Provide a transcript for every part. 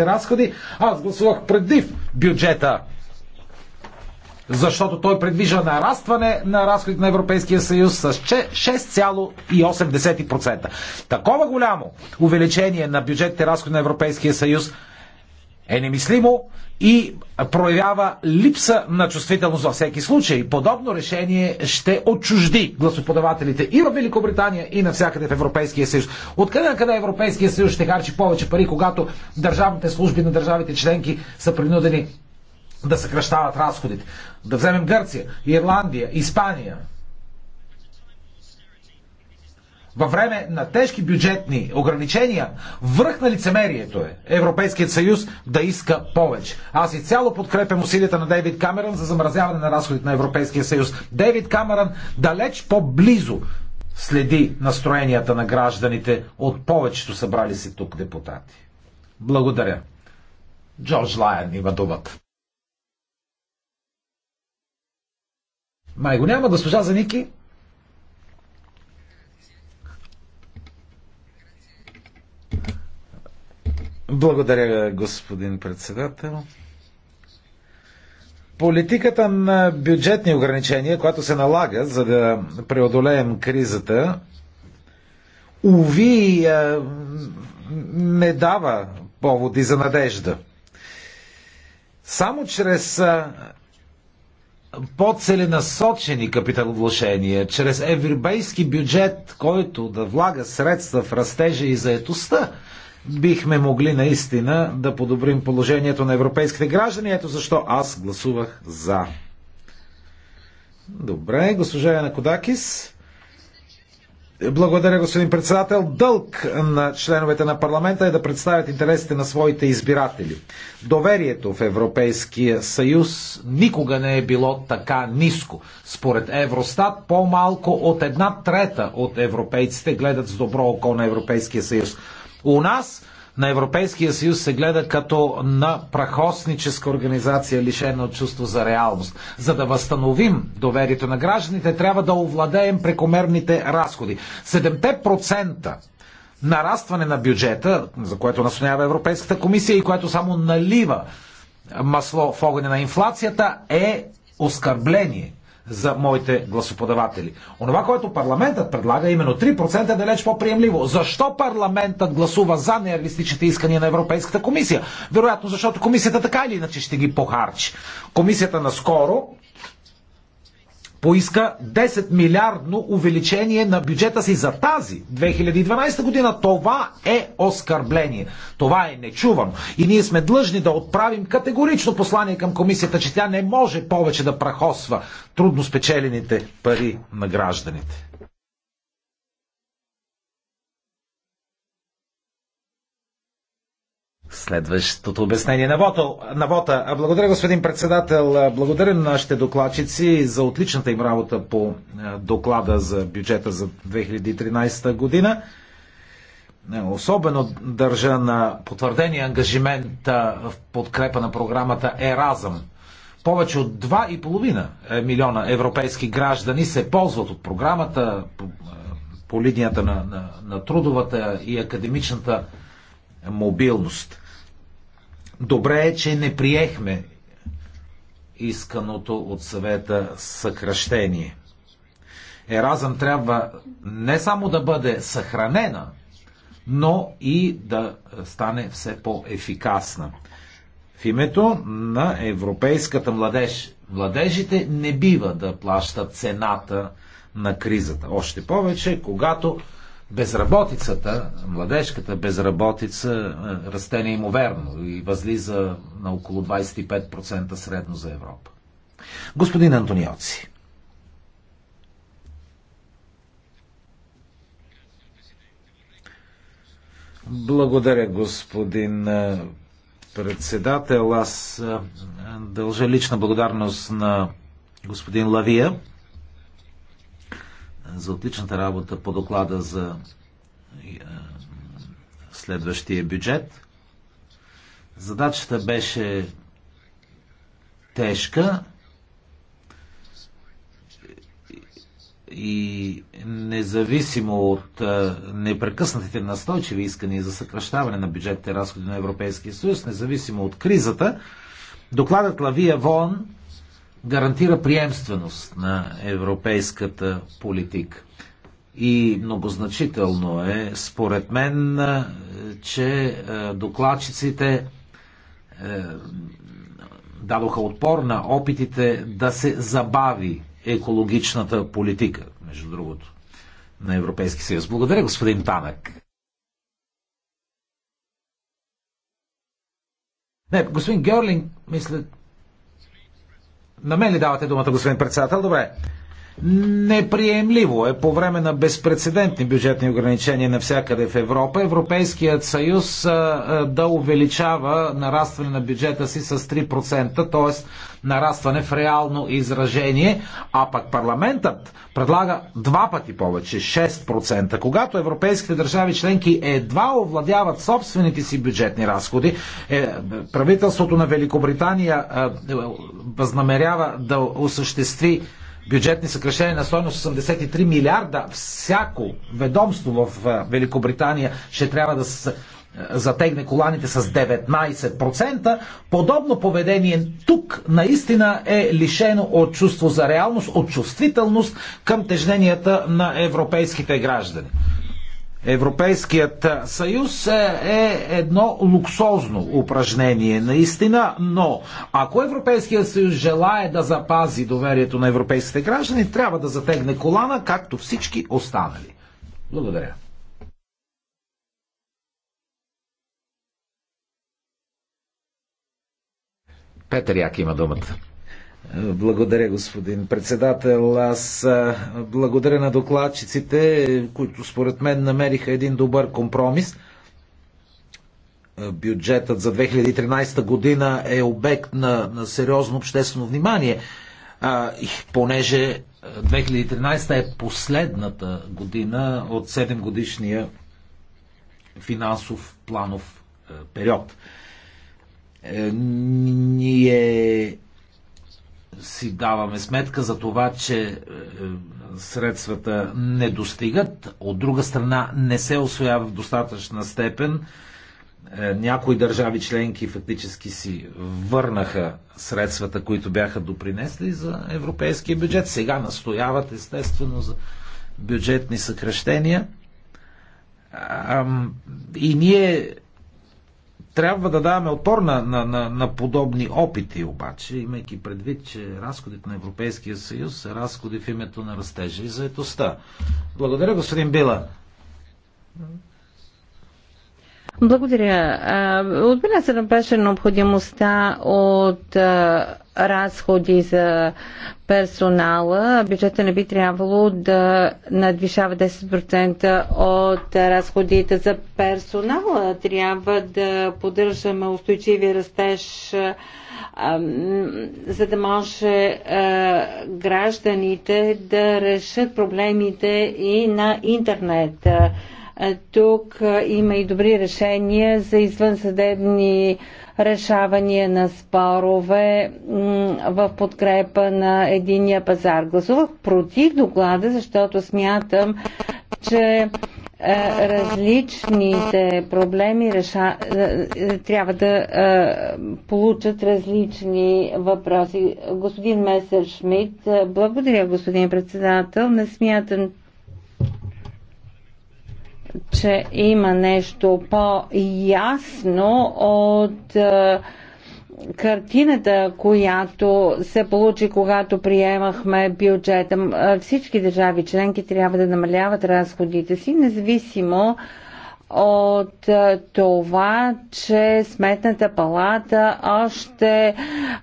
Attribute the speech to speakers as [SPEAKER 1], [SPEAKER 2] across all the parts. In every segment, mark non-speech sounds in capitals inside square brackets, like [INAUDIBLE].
[SPEAKER 1] разходи. Аз гласувах предив бюджета, защото той предвижда нарастване на разходите на Европейския съюз с 6,8%. Такова голямо увеличение на бюджетните разходи на Европейския съюз е немислимо и проявява липса на чувствителност във всеки случай. Подобно решение ще отчужди гласоподавателите и в Великобритания, и навсякъде в Европейския съюз. Откъде на къде Европейския съюз ще харчи повече пари, когато държавните служби на държавите членки са принудени да съкръщават разходите? Да вземем Гърция, Ирландия, Испания, във време на тежки бюджетни ограничения, връх на лицемерието е Европейският съюз да иска повече. Аз и цяло подкрепям усилията на Дейвид Камерън за замразяване на разходите на Европейския съюз. Дейвид Камерън далеч по-близо следи настроенията на гражданите от повечето събрали се тук депутати. Благодаря. Джордж Лайен има думата. Май го няма, госпожа Заники. Благодаря, господин председател. Политиката на бюджетни ограничения, която се налага, за да преодолеем кризата, уви не дава поводи за надежда. Само чрез по-целенасочени капиталовложения, чрез европейски бюджет, който да влага средства в растежа и заетостта, бихме могли наистина да подобрим положението на европейските граждани. Ето защо аз гласувах за. Добре, госпожа Яна Кодакис. Благодаря, господин председател. Дълг на членовете на парламента е да представят интересите на своите избиратели. Доверието в Европейския съюз никога не е било така ниско. Според Евростат, по-малко от една трета от европейците гледат с добро око на Европейския съюз. У нас на Европейския съюз се гледа като на прахосническа организация, лишена от чувство за реалност. За да възстановим доверието на гражданите, трябва да овладеем прекомерните разходи. 7% нарастване на бюджета, за което настоява Европейската комисия и което само налива масло в огъня на инфлацията, е оскърбление – за моите гласоподаватели. Онова, което парламентът предлага, е именно 3% е далеч по-приемливо. Защо парламентът гласува за нереалистичните искания на Европейската комисия? Вероятно, защото комисията така или иначе ще ги похарчи. Комисията наскоро поиска 10 милиардно увеличение на бюджета си за тази 2012 година. Това е оскърбление. Това е нечувано. И ние сме длъжни да отправим категорично послание към комисията, че тя не може повече да прахосва трудно спечелените пари на гражданите. следващото обяснение на, вота. на вота. Благодаря, господин председател. Благодаря на нашите докладчици за отличната им работа по е, доклада за бюджета за 2013 година. Е, особено държа на потвърдения ангажимент е, в подкрепа на програмата Еразъм. Повече от 2,5 милиона европейски граждани се ползват от програмата по, по линията на, на, на трудовата и академичната мобилност. Добре е, че не приехме исканото от съвета съкръщение. Еразъм трябва не само да бъде съхранена, но и да стане все по-ефикасна. В името на европейската младеж, младежите не бива да плащат цената на кризата. Още повече, когато Безработицата, младежката безработица е, расте неимоверно и възлиза на около 25% средно за Европа. Господин Антониоци. Благодаря, господин е, председател. Аз е, дължа лична благодарност на господин Лавия за отличната работа по доклада за е, следващия бюджет. Задачата беше тежка и независимо от е, непрекъснатите настойчиви искания за съкръщаване на бюджетните разходи на Европейския съюз, независимо от кризата, докладът Лавия Вон гарантира приемственост на европейската политика. И многозначително е, според мен, е, че е, докладчиците е, дадоха отпор на опитите да се забави екологичната политика, между другото, на Европейски съюз. Благодаря, господин Танък. Не, господин Георлинг, мисля, на мен ли давате думата, господин председател? Добре. Неприемливо е по време на безпредседентни бюджетни ограничения навсякъде в Европа Европейският съюз да увеличава нарастване на бюджета си с 3%, т.е. нарастване в реално изражение, а пък парламентът предлага два пъти повече, 6%. Когато европейските държави членки едва овладяват собствените си бюджетни разходи, е, правителството на Великобритания е, възнамерява да осъществи бюджетни съкрещения на стойност 83 милиарда, всяко ведомство в Великобритания ще трябва да се затегне коланите с 19%, подобно поведение тук наистина е лишено от чувство за реалност, от чувствителност към тежненията на европейските граждани. Европейският съюз е, е едно луксозно упражнение, наистина, но ако Европейският съюз желая да запази доверието на европейските граждани, трябва да затегне колана, както всички останали. Благодаря. Петър Як има думата. Благодаря, господин председател. Аз благодаря на докладчиците, които според мен намериха един добър компромис. Бюджетът за 2013 година е обект на, на сериозно обществено внимание, а, и понеже 2013 е последната година от 7 годишния финансов планов период. Е, ние си даваме сметка за това, че е, средствата не достигат, от друга страна не се освоява в достатъчна степен. Е, някои държави членки фактически си върнаха средствата, които бяха допринесли за европейския бюджет. Сега настояват естествено за бюджетни съкръщения, И ние трябва да даваме отпор на, на, на, на подобни опити, обаче, имайки предвид, че разходите на Европейския съюз са разходи в името на растежа и заетостта. Благодаря, господин Била.
[SPEAKER 2] Благодаря. Отбелязана беше необходимостта от разходи за персонала. Бюджета не би трябвало да надвишава 10% от разходите за персонала. Трябва да поддържаме устойчиви растеж, за да може гражданите да решат проблемите и на интернет е, тук е, има и добри решения за извънсъдебни решавания на спорове в подкрепа на единия пазар. Гласувах против доклада, защото смятам, че е, различните проблеми реша... трябва да получат различни въпроси. Господин Месер Шмидт, благодаря господин председател. Не смятам, че има нещо по-ясно от е, картината, която се получи, когато приемахме бюджета. Е, всички държави членки трябва да намаляват разходите си, независимо от е, това, че Сметната палата още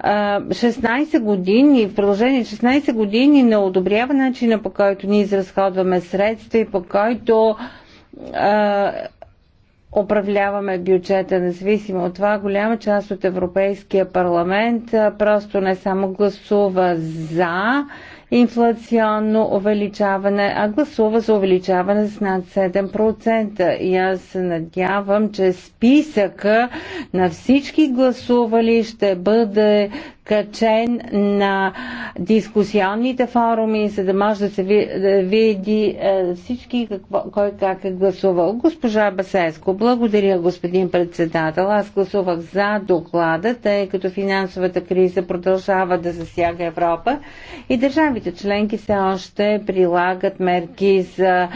[SPEAKER 2] 16 години, в продължение 16 години не одобрява начина по който ние изразходваме средства и по който управляваме бюджета. Независимо от това, голяма част от Европейския парламент просто не само гласува за инфлационно увеличаване, а гласува за увеличаване с над 7%. И аз се надявам, че списъка на всички гласували ще бъде качен на дискусионните форуми, за да може да се види е, всички какво, кой как е гласувал. Госпожа Басеско, благодаря господин председател. Аз гласувах за доклада, тъй като финансовата криза продължава да засяга Европа и държавите членки все още прилагат мерки за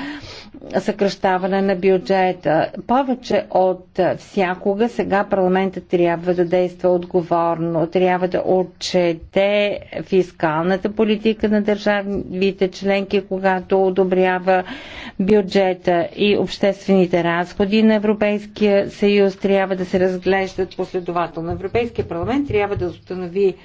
[SPEAKER 2] съкръщаване на бюджета. Повече от всякога сега парламентът трябва да действа отговорно, трябва да отчете фискалната политика на държавите членки, когато одобрява бюджета и обществените разходи на Европейския съюз трябва да се разглеждат последователно. Европейския парламент трябва да установи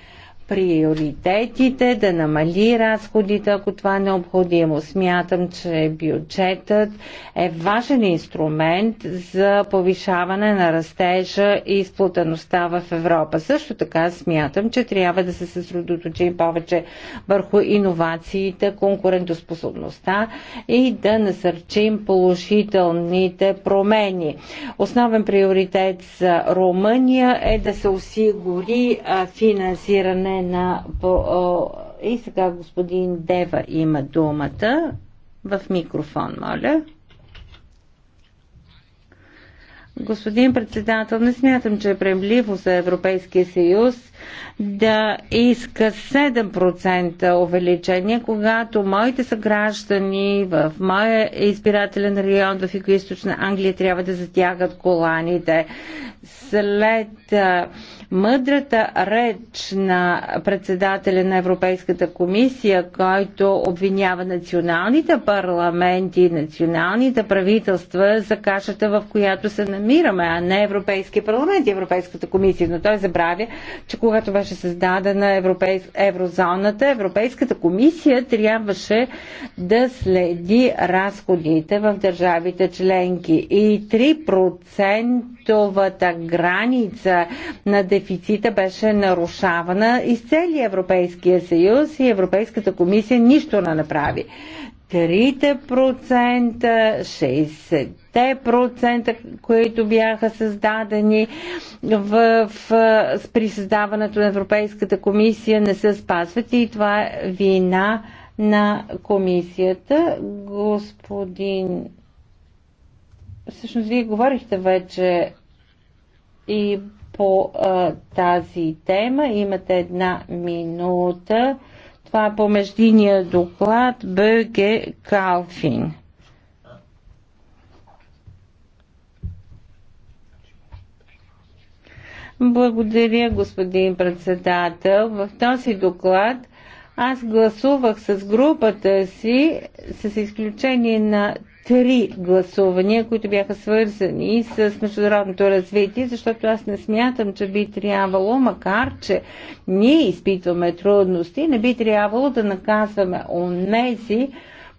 [SPEAKER 2] приоритетите, да намали разходите, ако това е необходимо. Смятам, че бюджетът е важен инструмент за повишаване на растежа и сплутаността в Европа. Също така смятам, че трябва да се съсредоточим повече върху иновациите, конкурентоспособността и да насърчим положителните промени. Основен приоритет за Румъния е да се осигури финансиране на... По, и сега господин Дева има думата в микрофон, моля. Господин председател, не смятам, че е премливо за Европейския съюз да иска 7% увеличение, когато моите съграждани в моя избирателен район в Юго-Источна Англия трябва да затягат коланите. След мъдрата реч на председателя на Европейската комисия, който обвинява националните парламенти, националните правителства за кашата, в която се намират, реформираме, а не Европейския парламент и Европейската комисия. Но той забравя, че когато беше създадена европейс... еврозоната, Европейската комисия трябваше да следи разходите в държавите членки. И 3 граница на дефицита беше нарушавана из целия Европейския съюз и Европейската комисия нищо не направи. 3%, 60%, които бяха създадени в, в, при създаването на Европейската комисия, не се спазват и това е вина на комисията. Господин. Всъщност, вие говорихте вече и по а, тази тема. Имате една минута това е по междиния доклад Бърге Калфин. Благодаря, господин председател. В този доклад аз гласувах с групата си, с изключение на три гласувания, които бяха свързани с международното развитие, защото аз не смятам, че би трябвало, макар че ние изпитваме трудности, не би трябвало да наказваме онези,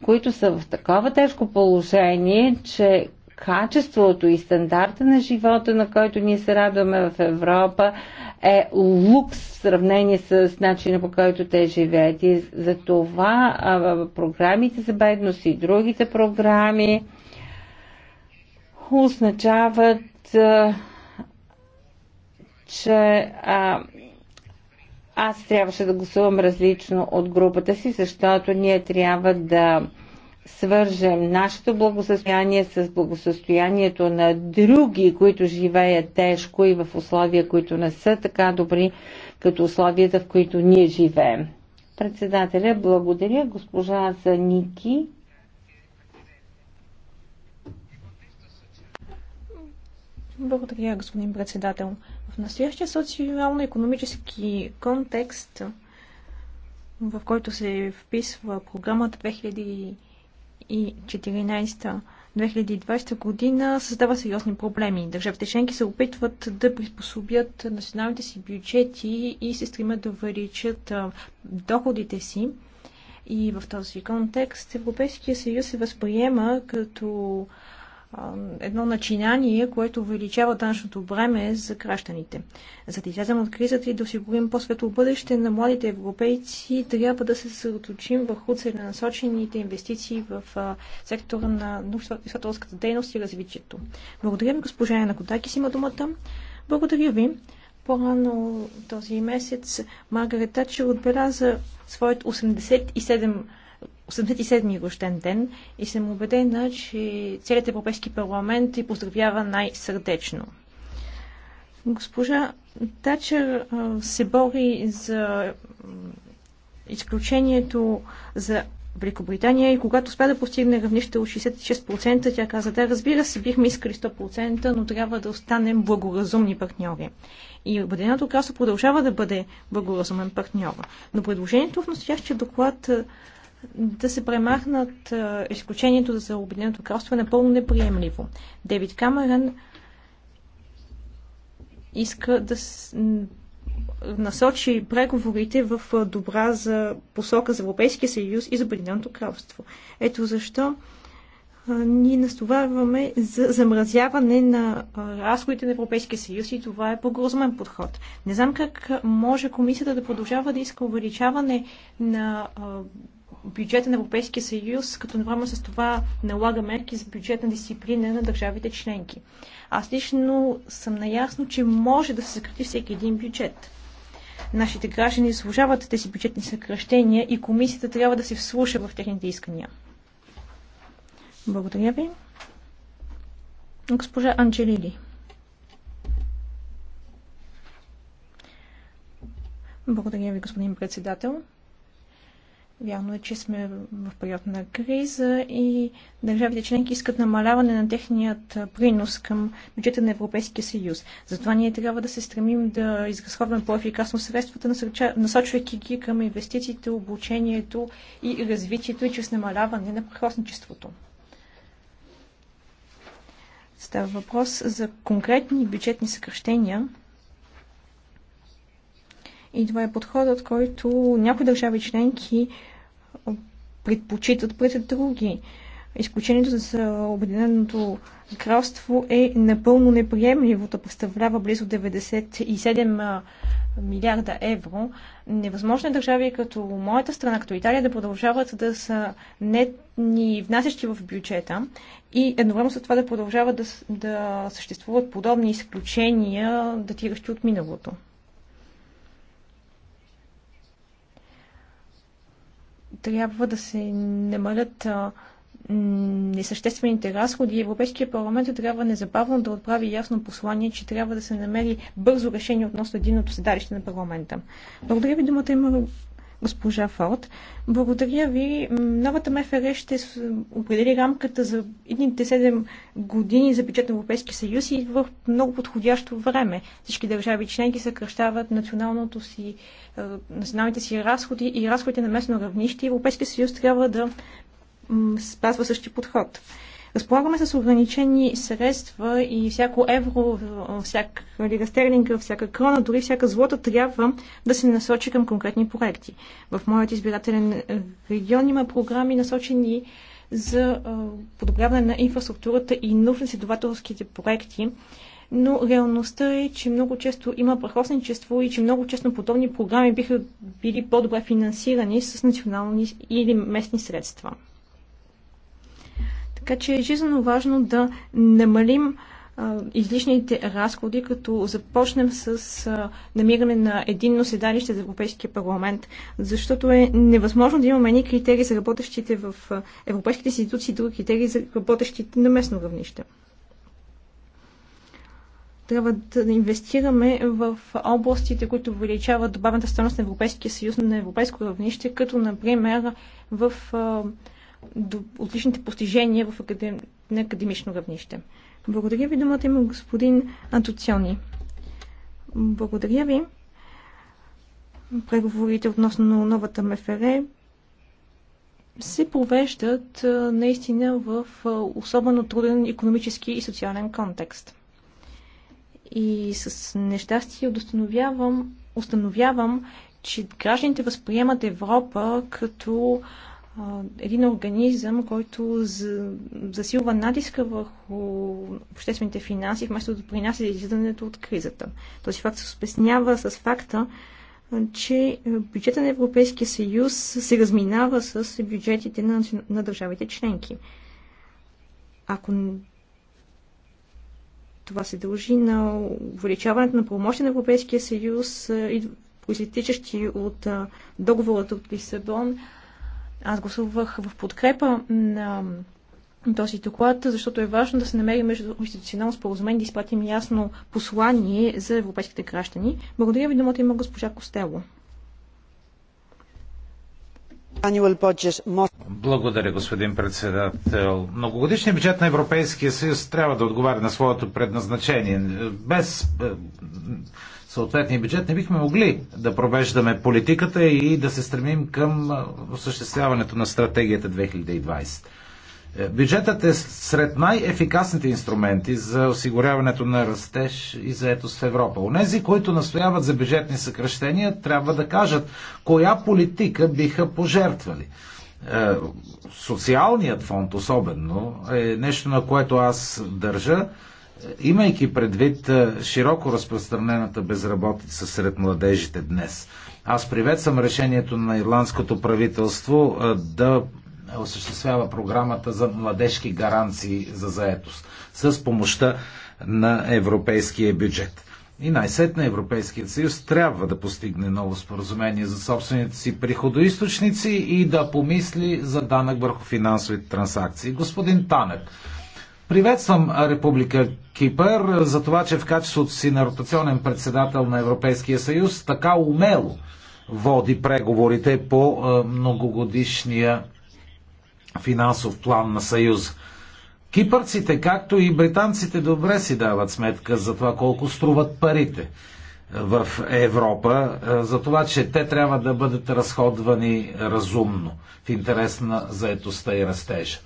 [SPEAKER 2] които са в такова тежко положение, че качеството и стандарта на живота, на който ние се радваме в Европа, е лукс в сравнение с начина по който те живеят. И за това програмите за бедност и другите програми означават, че а, аз трябваше да гласувам различно от групата си, защото ние трябва да свържем нашето благосъстояние с благосъстоянието на други, които живеят тежко и в условия, които не са така добри, като условията, в които ние живеем. Председателя, благодаря госпожа Заники.
[SPEAKER 3] Благодаря, господин председател. В настоящия социално-економически контекст, в който се вписва програмата 2000 2014-2020 година създава сериозни проблеми. Държавите членки се опитват да приспособят националните си бюджети и се стремят да увеличат доходите си. И в този контекст Европейския съюз се възприема като едно начинание, което увеличава данъчното бреме за гражданите. За да излезем от кризата и да осигурим по-светло бъдеще на младите европейци, трябва да се съсредоточим върху целенасочените инвестиции в сектора на научно-изследователската дейност и развитието. Благодаря ви, госпожа Яна Кодакис има думата. Благодаря ви. По-рано този месец Маргарет Тачер отбеляза своят 87 87-ми рожден ден и съм убедена, че целият Европейски парламент и поздравява най-сърдечно. Госпожа Тачер се бори за изключението за Великобритания и когато успя да постигне равнище от 66%, тя каза, да, разбира се, бихме искали 100%, но трябва да останем благоразумни партньори. И Обединеното кралство продължава да бъде благоразумен партньор. Но предложението в настоящия доклад да се премахнат изключението за Обединеното кралство е напълно неприемливо. Девид Камерън иска да насочи преговорите в добра за посока за Европейския съюз и за Обединеното кралство. Ето защо ние настояваме за замразяване на разходите на Европейския съюз и това е по по-грозмен подход. Не знам как може комисията да продължава да иска увеличаване на бюджета на Европейския съюз, като едновременно с това налага мерки за бюджетна дисциплина на държавите членки. Аз лично съм наясно, че може да се съкрати всеки един бюджет. Нашите граждани заслужават тези бюджетни съкръщения и комисията трябва да се вслуша в техните искания. Благодаря ви. Госпожа Анджелили. Благодаря ви, господин председател. Вярно е, че сме в период на криза и държавите членки искат намаляване на техният принос към бюджета на Европейския съюз. Затова ние трябва да се стремим да изразходваме по-ефикасно средствата, насочвайки ги към инвестициите, обучението и развитието и чрез намаляване на прехосничеството. Става въпрос за конкретни бюджетни съкръщения – и това е подходът, който някои държави членки предпочитат пред други. Изключението за Обединеното кралство е напълно неприемливо да представлява близо 97 милиарда евро. Невъзможно е държави като моята страна, като Италия, да продължават да са нетни внасящи в бюджета и едновременно с това да продължават да, да съществуват подобни изключения, датиращи от миналото. трябва да се намалят несъществените разходи, Европейския парламент трябва незабавно да отправи ясно послание, че трябва да се намери бързо решение относно от седалище на парламента. Благодаря ви, думата има госпожа Форд. Благодаря ви. Новата МФР ще определи рамката за едните 7 години за бюджет на Европейския съюз и в много подходящо време. Всички държави членки съкръщават националното си, е, националните си разходи и разходите на местно равнище. Европейския съюз трябва да спазва същия подход. Разполагаме с ограничени средства и всяко евро, всяка лига стерлинга, всяка крона, дори всяка злота трябва да се насочи към конкретни проекти. В моят избирателен регион има програми насочени за подобряване на инфраструктурата и научно-следователските проекти, но реалността е, че много често има прахосничество и че много често подобни програми биха били по-добре финансирани с национални или местни средства. Така че е жизненно важно да намалим излишните разходи, като започнем с намиране на единно седалище за Европейския парламент, защото е невъзможно да имаме ни критерии за работещите в европейските институции и други критерии за работещите на местно равнище. Трябва да инвестираме в областите, които увеличават добавната стойност на Европейския съюз на европейско равнище, като например в отличните постижения в академ... на академично равнище. Благодаря ви, думата има господин Антоциони. Благодаря ви. Преговорите относно новата МФР се провеждат наистина в особено труден економически и социален контекст. И с нещастие установявам, установявам, че гражданите възприемат Европа като един организъм, който засилва натиска върху обществените финанси, вместо да принася излизането от кризата. Този факт се спеснява с факта, че бюджета на Европейския съюз се разминава с бюджетите на, на държавите членки. Ако това се дължи на увеличаването на правомощия на Европейския съюз и от договорът от Лисабон, аз гласувах в подкрепа на този доклад, защото е важно да се намери между институционално споразумение да изпратим ясно послание за европейските граждани. Благодаря ви, думата има госпожа Костело.
[SPEAKER 1] Благодаря, господин председател. Многогодишният бюджет на Европейския съюз трябва да отговаря на своето предназначение. Без съответния бюджет, не бихме могли да провеждаме политиката и да се стремим към осъществяването на стратегията 2020. Е, бюджетът е сред най-ефикасните инструменти за осигуряването на растеж и заетост в Европа. Онези, които настояват за бюджетни съкръщения, трябва да кажат коя политика биха пожертвали. Е, социалният фонд особено е нещо, на което аз държа имайки предвид широко разпространената безработица сред младежите днес. Аз приветствам решението на ирландското правителство да осъществява програмата за младежки гаранции за заетост с помощта на европейския бюджет. И най-сетне Европейският съюз трябва да постигне ново споразумение за собствените си приходоисточници и да помисли за данък върху финансовите транзакции. Господин Танек, Приветствам Република Кипър за това, че в качеството си на ротационен председател на Европейския съюз така умело води преговорите по е, многогодишния финансов план на Съюз. Кипърците, както и британците, добре си дават сметка за това колко струват парите е, в Европа, е, за това, че те трябва да бъдат разходвани разумно в интерес на заетостта и растежа.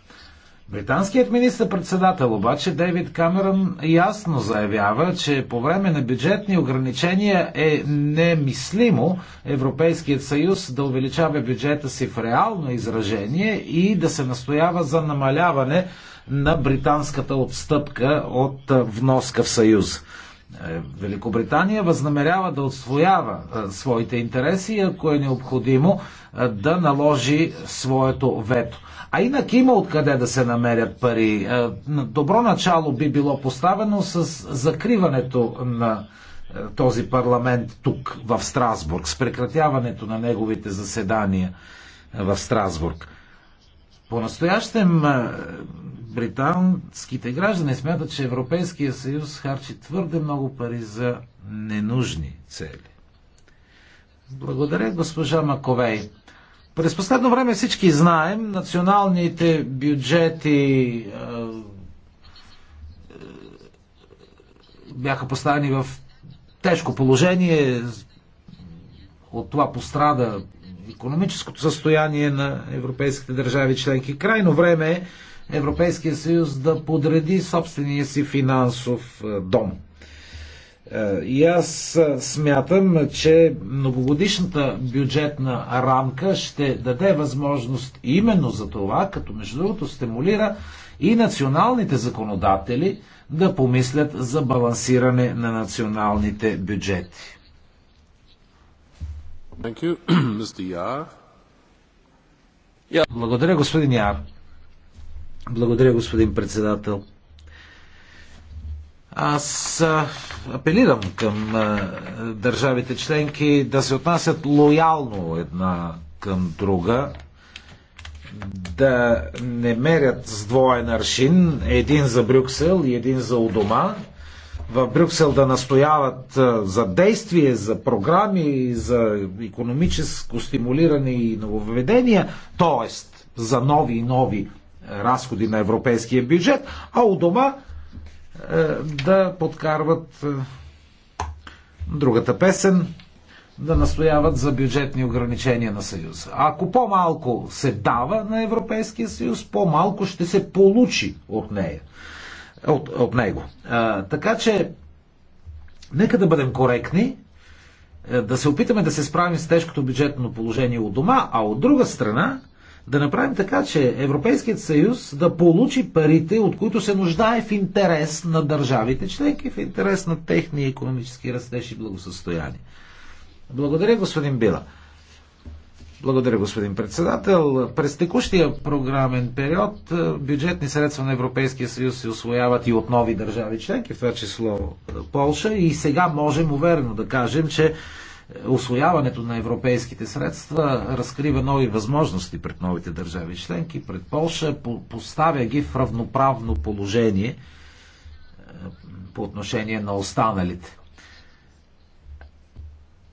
[SPEAKER 1] Британският министр-председател обаче Дейвид Камерън ясно заявява, че по време на бюджетни ограничения е немислимо Европейският съюз да увеличава бюджета си в реално изражение и да се настоява за намаляване на британската отстъпка от вноска в съюз. Е, Великобритания възнамерява да отстоява своите интереси, ако е необходимо да наложи своето вето. А инак има откъде да се намерят пари. Е, добро начало би било поставено с закриването на е, този парламент тук в Страсбург, с прекратяването на неговите заседания е, в Страсбург. По-настоящем британските граждани смятат, че Европейския съюз харчи твърде много пари за ненужни цели. Благодаря, госпожа Маковей. През последно време всички знаем, националните бюджети е, е, бяха поставени в тежко положение. От това пострада економическото състояние на европейските държави членки. Крайно време е Европейския съюз да подреди собствения си финансов е, дом. Е, и аз е, смятам, че многогодишната бюджетна рамка ще даде възможност именно за това, като между другото стимулира и националните законодатели да помислят за балансиране на националните бюджети. [CLEARS THROAT] Благодаря, господин Яр. Благодаря, господин председател. Аз апелирам към държавите членки да се отнасят лоялно една към друга, да не мерят с двоен аршин, един за Брюксел и един за у дома, в Брюксел да настояват за действие, за програми, за економическо стимулиране и нововведения, т.е. за нови и нови разходи на европейския бюджет, а у дома е, да подкарват е, другата песен, да настояват за бюджетни ограничения на Съюза. Ако по-малко се дава на Европейския съюз, по-малко ще се получи от, нея, от, от него. А, така че, нека да бъдем коректни, е, да се опитаме да се справим с тежкото бюджетно положение от дома, а от друга страна, да направим така, че Европейският съюз да получи парите, от които се нуждае в интерес на държавите членки, в интерес на техни економически растеж и благосъстояние. Благодаря, господин Била. Благодаря, господин председател. През текущия програмен период е, бюджетни средства на Европейския съюз се освояват и от нови държави членки, в това число е, Полша. И сега можем уверено да кажем, че освояването на европейските средства разкрива нови възможности пред новите държави членки, пред Полша, поставя ги в равноправно положение е, по отношение на останалите.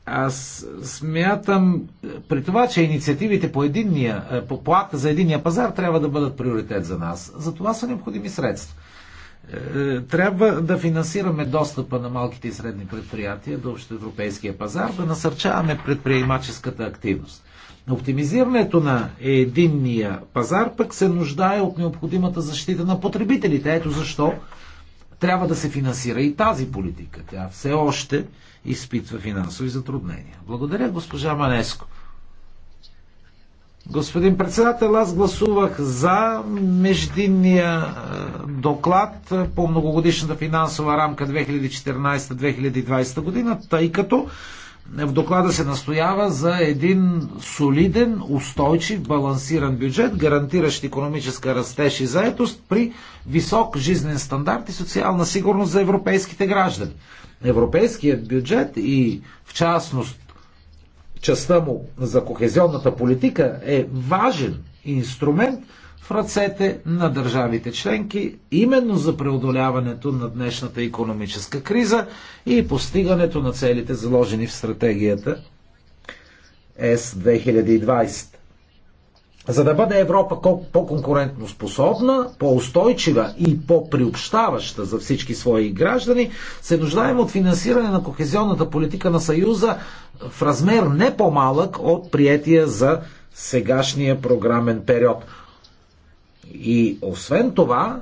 [SPEAKER 1] Аз смятам, при това, че инициативите по, единния, е, по, по акта за единния пазар трябва да бъдат приоритет за нас. За това са необходими средства. Е, трябва да финансираме достъпа на малките и средни предприятия до общоевропейския пазар, да насърчаваме предприемаческата активност. Оптимизирането на единния пазар пък се нуждае от необходимата защита на потребителите. Ето защо трябва да се финансира и тази политика. Тя все още изпитва финансови затруднения. Благодаря, госпожа Манеско. Господин председател, аз гласувах за междинния е, доклад по многогодишната финансова рамка 2014-2020 година, тъй като в доклада се настоява за един солиден, устойчив, балансиран бюджет, гарантиращ економическа растеж и заетост при висок жизнен стандарт и социална сигурност за европейските граждани. Европейският бюджет и в частност частта му за кохезионната политика е важен инструмент в ръцете на държавите членки, именно за преодоляването на днешната економическа криза и постигането на целите заложени в стратегията С 2020. За да бъде Европа по-конкурентно способна, по-устойчива и по-приобщаваща за всички свои граждани, се нуждаем от финансиране на кохезионната политика на Съюза в размер не по-малък от приятия за сегашния програмен период. И освен това,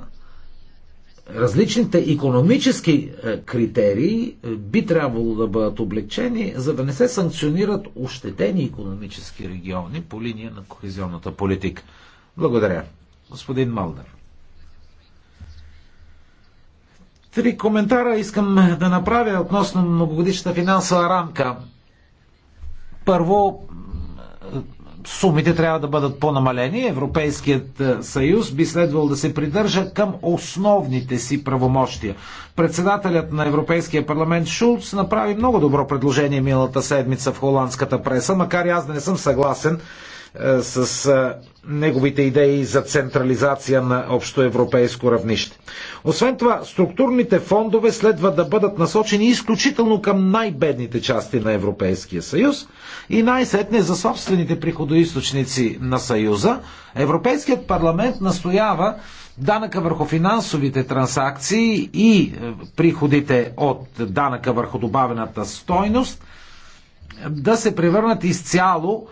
[SPEAKER 1] различните економически е, критерии е, би трябвало да бъдат облегчени, за да не се санкционират ощетени економически региони по линия на кохезионната политика. Благодаря. Господин Малдър. Три коментара искам да направя относно многогодишната финансова рамка. Първо, сумите трябва да бъдат по-намалени. Европейският е, съюз би следвал да се придържа към основните си правомощия. Председателят на Европейския парламент Шулц направи много добро предложение миналата седмица в холандската преса, макар и аз да не съм съгласен е, с е, неговите идеи за централизация на общо европейско равнище. Освен това, структурните фондове следва да бъдат насочени изключително към най-бедните части на Европейския съюз и най-сетне за собствените приходоисточници на съюза. Европейският парламент настоява данъка върху финансовите транзакции и е, приходите от данъка върху добавената стойност да се превърнат изцяло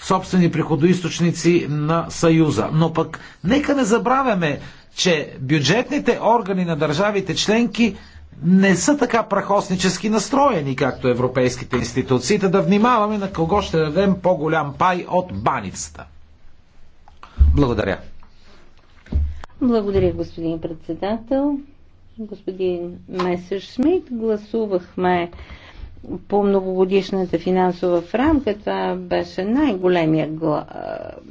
[SPEAKER 1] собствени приходоисточници на Съюза. Но пък нека не забравяме, че бюджетните органи на държавите членки не са така прахоснически настроени, както европейските институции, да внимаваме на кого ще дадем по-голям пай от баницата. Благодаря.
[SPEAKER 2] Благодаря, господин председател. Господин Шмидт, гласувахме по многогодишната финансова рамка, това беше най-големия,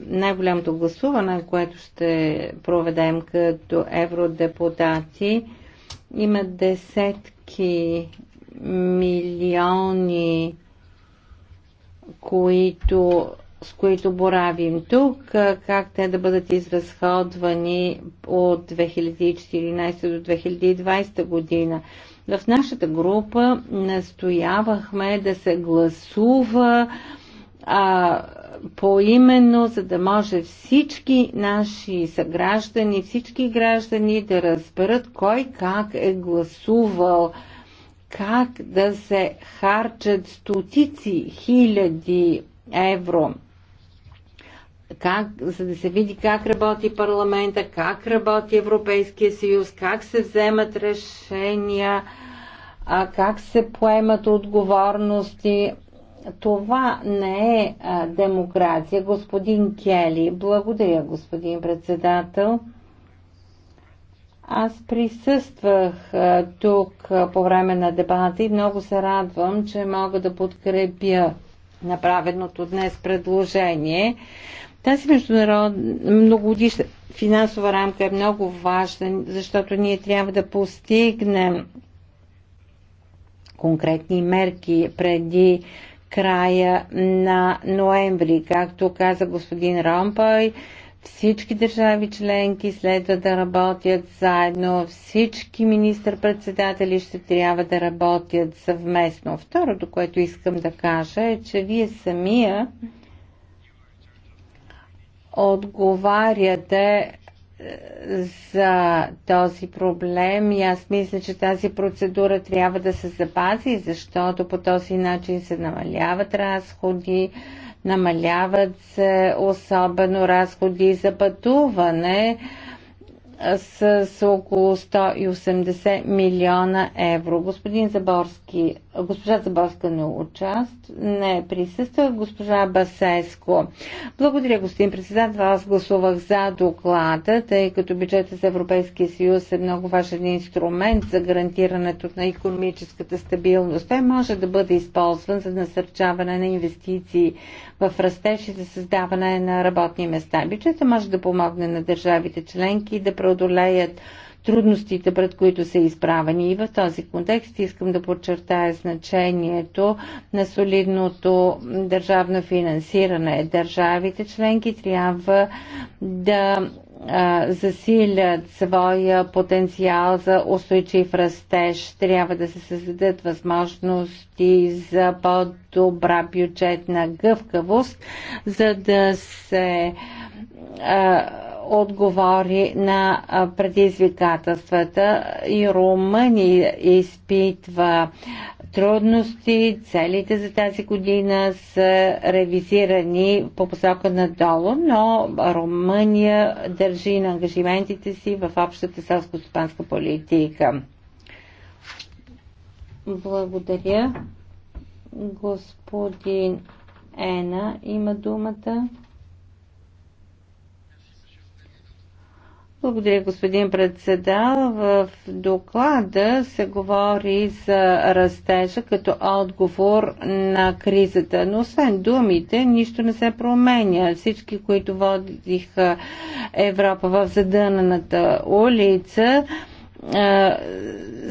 [SPEAKER 2] най-голямото гласуване, което ще проведем като евродепутати. Има десетки милиони, които, с които боравим тук, как те да бъдат изразходвани от 2014 до 2020 година. В нашата група настоявахме да се гласува а, поименно, за да може всички наши съграждани, всички граждани да разберат кой как е гласувал, как да се харчат стотици хиляди евро как, за да се види как работи парламента, как работи Европейския съюз, как се вземат решения, а, как се поемат отговорности. Това не е а, демокрация. Господин Кели, благодаря, господин председател. Аз присъствах а, тук а, по време на дебата и много се радвам, че мога да подкрепя направеното днес предложение. Тази международна многогодишна финансова рамка е много важна, защото ние трябва да постигнем конкретни мерки преди края на ноември. Както каза господин Ромпай, всички държави членки следва да работят заедно, всички министр-председатели ще трябва да работят съвместно. Второто, което искам да кажа е, че вие самия отговаряте е, за този проблем и аз мисля, че тази процедура трябва да се запази, защото по този начин се намаляват разходи, намаляват се особено разходи за пътуване с, с около 180 милиона евро. Господин Заборски, госпожа Заборска не участ, не е присъства, госпожа Басеско. Благодаря, господин председател. Аз гласувах за доклада, тъй като бюджетът за Европейския съюз е много важен инструмент за гарантирането на економическата стабилност. Той може да бъде използван за насърчаване на инвестиции в растеж и за създаване на работни места. Бюджета може да помогне на държавите членки да преодолеят трудностите, пред които са изправени. И в този контекст искам да подчертая значението на солидното държавно финансиране. Държавите членки трябва да засилят своя потенциал за устойчив растеж. Трябва да се създадат възможности за по-добра бюджетна гъвкавост, за да се а, отговори на предизвикателствата и Румъния изпитва трудности, целите за тази година са ревизирани по посока надолу, но Румъния държи на ангажиментите си в общата селско-стопанска политика. Благодаря. Господин Ена има думата. Благодаря, господин председател. В доклада се говори за растежа като отговор на кризата, но освен думите, нищо не се променя. Всички, които водиха Европа в задънаната улица,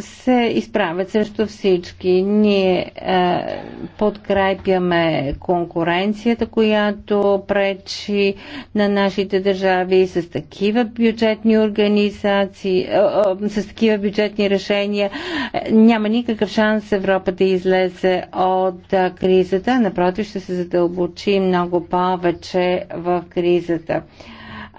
[SPEAKER 2] се изправят срещу всички. Ние а, подкрепяме конкуренцията, която пречи на нашите държави с такива бюджетни организации, а, а, с такива бюджетни решения. Няма никакъв шанс Европа да излезе от а, кризата. Напротив, ще се задълбочи много повече в кризата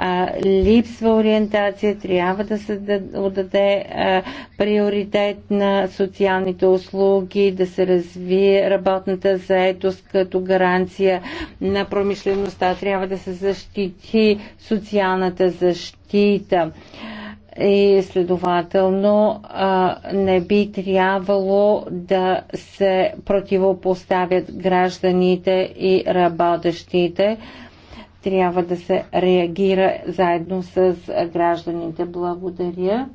[SPEAKER 2] а, липсва ориентация, трябва да се отдаде а, приоритет на социалните услуги, да се развие работната заетост като гаранция на промишлеността, трябва да се защити социалната защита и следователно а, не би трябвало да се противопоставят гражданите и работещите трябва да се реагира заедно с гражданите. Благодаря.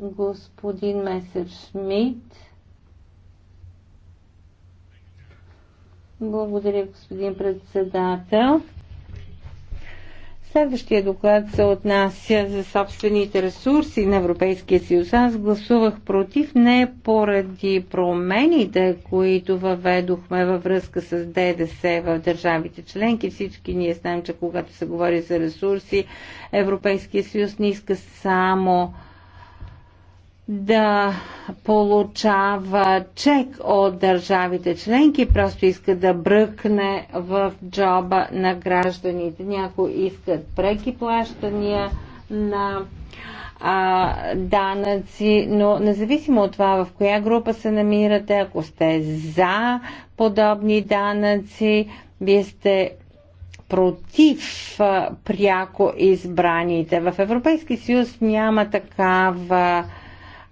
[SPEAKER 2] Господин Месер Шмидт. Благодаря, господин председател. Следващия доклад се отнася за собствените ресурси на Европейския съюз. Аз гласувах против не поради промените, които въведохме във връзка с ДДС в държавите членки. Всички ние знаем, че когато се говори за ресурси, Европейския съюз не иска само да получава чек от държавите членки, просто иска да бръкне в джоба на гражданите. Някои искат преки плащания на а, данъци, но независимо от това в коя група се намирате, ако сте за подобни данъци, вие сте против пряко избраните. В Европейски съюз няма такава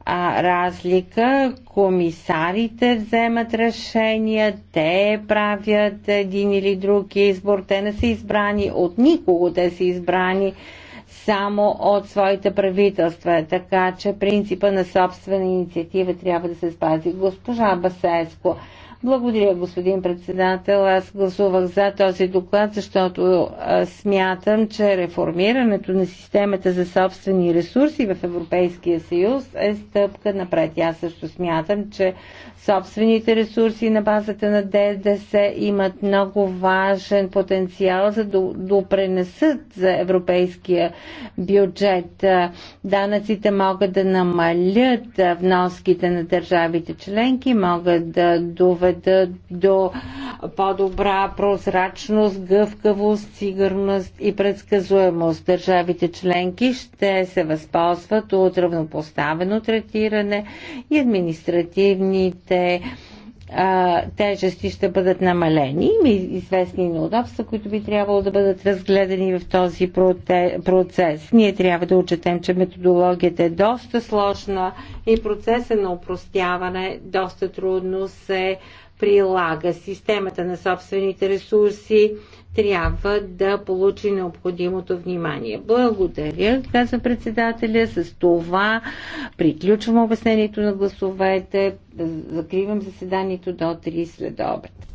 [SPEAKER 2] а, разлика. Комисарите вземат решения, те правят един или друг избор, те не са избрани от никого, те са избрани само от своите правителства, така че принципа на собствена инициатива трябва да се спази. Госпожа Басеско, благодаря, господин председател. Аз гласувах за този доклад, защото смятам, че реформирането на системата за собствени ресурси в Европейския съюз е стъпка напред. Аз също смятам, че собствените ресурси на базата на ДДС имат много важен потенциал за да допренесат за европейския бюджет. Данъците могат да намалят вноските на държавите членки, могат да доведат до по-добра прозрачност, гъвкавост, сигурност и предсказуемост. Държавите членки ще се възползват от равнопоставено третиране и административните административните а, тежести ще бъдат намалени. Има известни неудобства, които би трябвало да бъдат разгледани в този процес. Ние трябва да учетем, че методологията е доста сложна и процесът на упростяване доста трудно се прилага. Системата на собствените ресурси трябва да получи необходимото внимание. Благодаря, каза председателя. С това приключвам обяснението на гласовете. Закривам заседанието до 3 след обед.